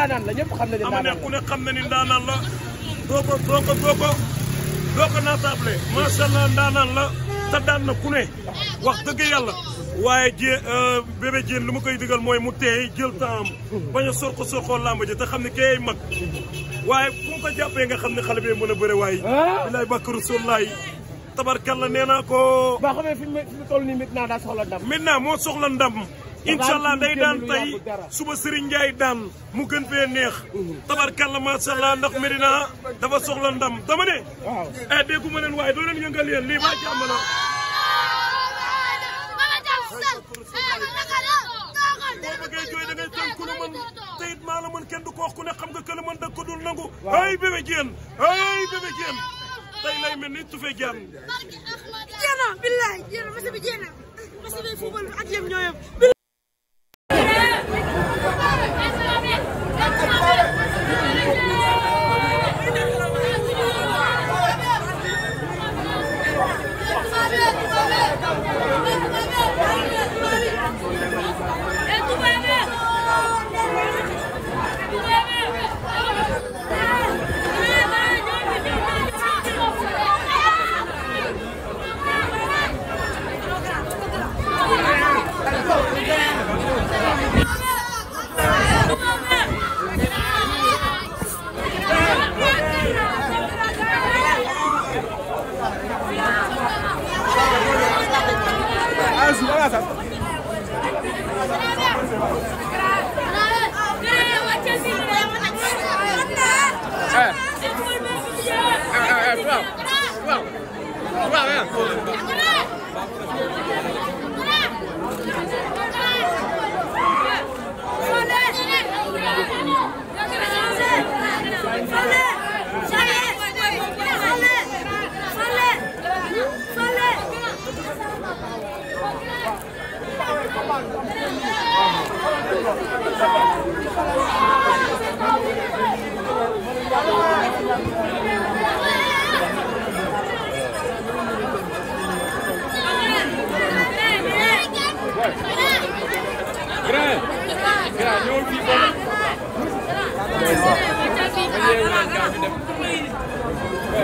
ndaanaan la ñëpp xam nañu ndaanaan la Ama ne ku ne na ni ndaanaan la doo ko doo ko doo ko doo ko naataable la te daan na ku ne wax dëgg yàlla waaye jé euh, bébé jéen lu ma koy digal mooy mu teey jël temps bañ a sorko sorkoo làmb ji te xam ne kay mag waaye fu mu ko jàppee nga xam ne xale bee mën a bëre waaye ah! bilaay bàkkaru sol laay tabarkalla nee naa ko baa xamee fi mu toll nii mit naa daa soxla ndam mit naa moo soxla ndam incha allah day daan tey suba Serigne Ndiaye daan mu gën fee neex. Mhm. tabarkalla macha allah ndax Medina dafa soxla ndam dama ne. waaw eh déggu ma leen waaye doo leen yëngal ba jàmm la. boo bëggee jooy da ngay jooy du ko ku ne xam nga que da ko dul nangu. waaw ay bébé Diène tey lay mel ni Toufé Diène. Diène billaay Diène mos a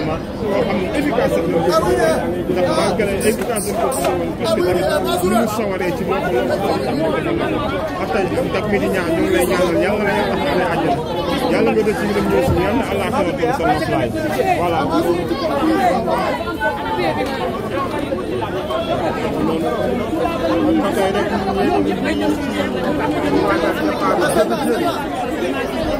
également loo xam ne efficace la ñu jëm ndax banque la efficace la ko xamoon parce que tamit sawaree ci moo ko loolu xam ne defal na ko ak tey daf mi di ñaan ñu ngi lay ñaanal yàlla na yàlla xam ne àjjana yàlla nga def ci dem ñëw suñu yàlla allah xala tey sa noflaay voilà Thank you.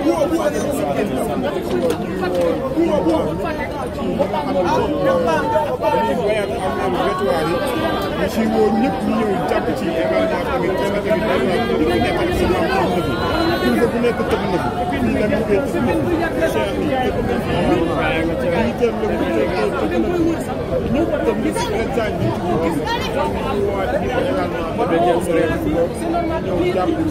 ci woo ñëpp ñu ñëw jàpp ci également tamit kenn tamit dañ naa ko nekk ci ñoom tëb na fi kii bu nekk tëb na fi kii la mu koy tëb na fi cher yi tëb na fi lii tëb la mu koy tëb na fi ñëpp tëb na fi ren saa ñu ci woo ñu woowaat ñu ko également ba benn yenn sore ñëw jàpp ci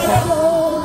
Thank you.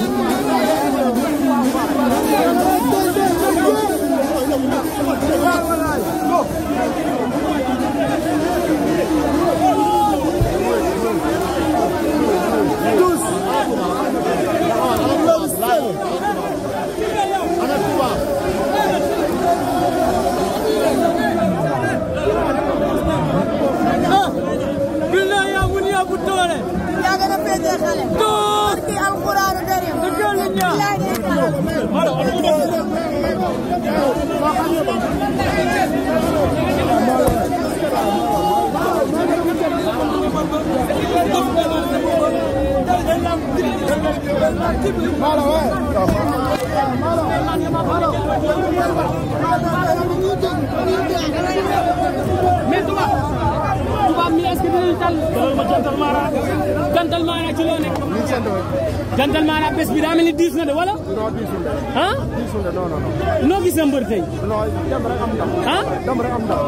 Thank bis bi daa mel ni diis na de wala. non diisul de. ah diisul de non non noo gisee mbër tey. non dem rek am ndam. ah dem rek am ndam.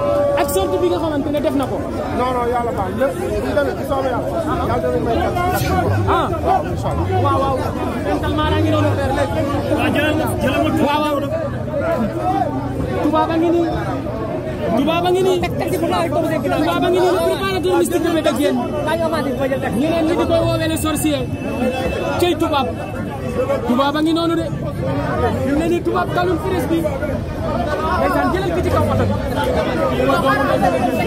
ak sorti bi nga xamante ne def na ko. non non yàlla baax lépp ñu demee ci soobee yàlla. yàlla dafay may ah waaw incha allah. waaw waaw. mental maa ngi doon tubaab a ngi nii tubaab a ngi nii le préparateur mystique bi da génn ñi di koy woowee le sorcier cey tubaab tubaab a ngi noonu de ñu ne ni tubaab talul presse bi ndeysaan jëlal ki ci kaw oto bi waaw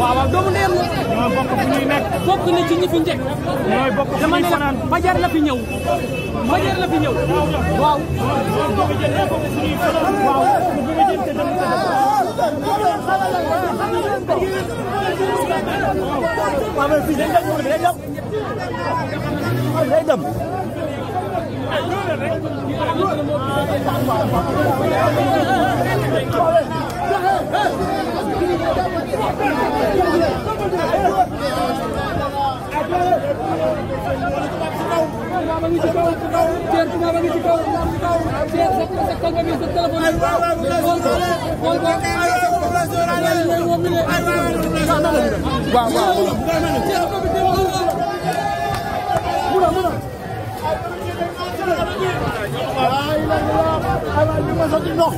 waaw doomu ndeyam la bokk fu ñuy nekk bokk na ci ñi fi njëkk ñooy bokk fu ñuy fanaan la fi ñëw fajar fi ñëw waaw mà về phi đánh đâm mà đánh đâm đánh đâm Hãy ngi ci kaw am ci kaw sa tànga bi sa téléphone ay waaw waaw waaw waaw waaw waaw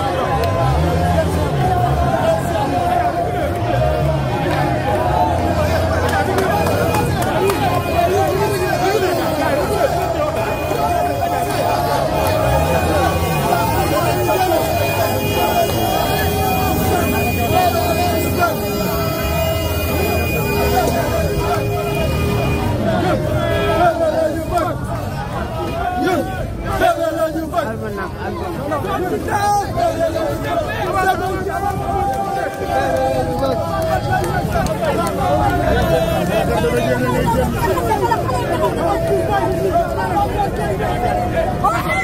Oh,